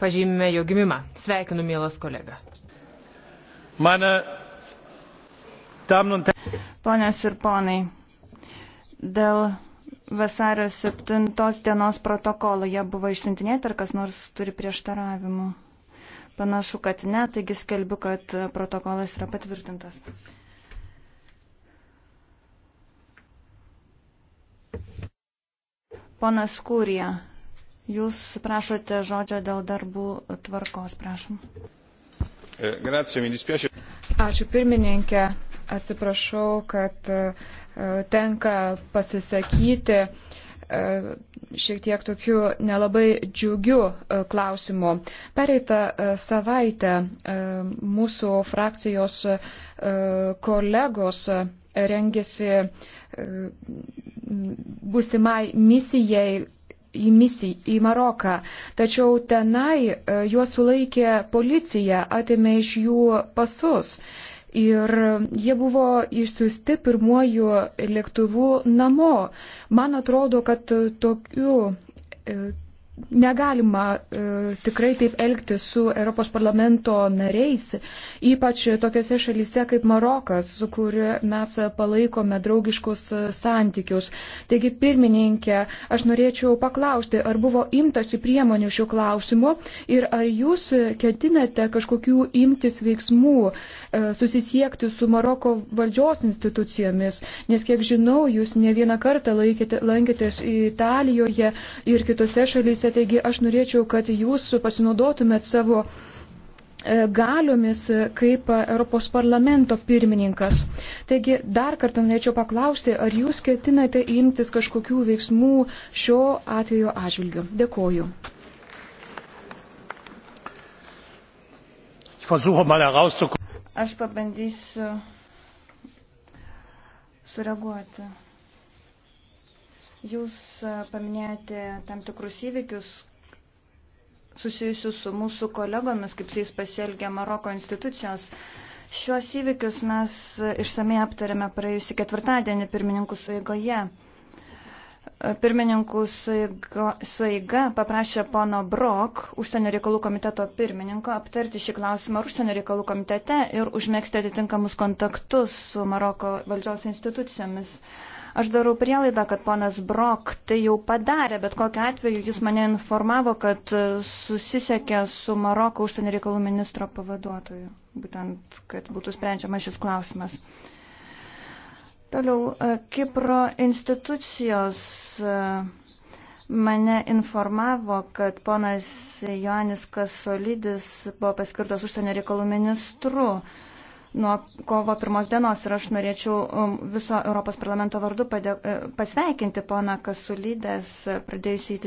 pažymime jo gimimą. Sveikinu, mielas kolega. Mane. Ponios ir ponai, dėl vasario 7 dienos protokolo jie buvo išsintinėti, ar kas nors turi prieštaravimų? Panašu, kad ne, taigi skelbiu, kad protokolas yra patvirtintas. Ponas Kūrija, Jūs prašote žodžio dėl darbų tvarkos, prašom. E, Ačiū pirmininkė, atsiprašau, kad e, tenka pasisakyti e, šiek tiek tokiu nelabai džiugiu klausimu. Pereitą savaitę mūsų frakcijos kolegos rengėsi būsimai misijai į misiją į Maroką. Tačiau tenai e, juos sulaikė policija, atėmė iš jų pasus. Ir jie buvo išsiusti pirmuoju lėktuvu namo. Man atrodo, kad tokiu e, negalima e, tikrai taip elgti su Europos parlamento nariais, ypač tokiose šalyse kaip Marokas, su kuriuo mes palaikome draugiškus santykius. Taigi, pirmininkė, aš norėčiau paklausti, ar buvo imtasi priemonių šių klausimų ir ar jūs ketinate kažkokių imtis veiksmų e, susisiekti su Maroko valdžios institucijomis, nes kiek žinau, jūs ne vieną kartą laikėte, lankėtės Italijoje ir kitose šalyse teisę, taigi aš norėčiau, kad jūs pasinaudotumėt savo e, galiomis kaip Europos parlamento pirmininkas. Taigi dar kartą norėčiau paklausti, ar jūs ketinate imtis kažkokių veiksmų šio atveju atžvilgiu. Dėkoju. Aš pabandysiu sureaguoti. Jūs e, paminėjote tam tikrus įvykius susijusius su mūsų kolegomis, kaip jais pasielgia Maroko institucijos. Šiuos įvykius mes e, išsamei aptarėme praėjusį ketvirtadienį pirmininkų suėgoje pirmininkų suiga paprašė pono Brok, užsienio reikalų komiteto pirmininko, aptarti šį klausimą užsienio reikalų komitete ir užmėgsti atitinkamus kontaktus su Maroko valdžios institucijomis. Aš darau prielaidą, kad ponas Brok tai jau padarė, bet kokiu atveju jis mane informavo, kad susisiekė su Maroko užsienio reikalų ministro pavaduotoju, būtent, kad būtų sprendžiamas šis klausimas. Toliau, e, Kipro institucijos e, mane informavo, kad ponas Joanis Kasolidis buvo paskirtas užsienio reikalų ministru nuo kovo pirmos dienos ir aš norėčiau e, viso Europos parlamento vardu pasveikinti poną Kasulydės pradėjusį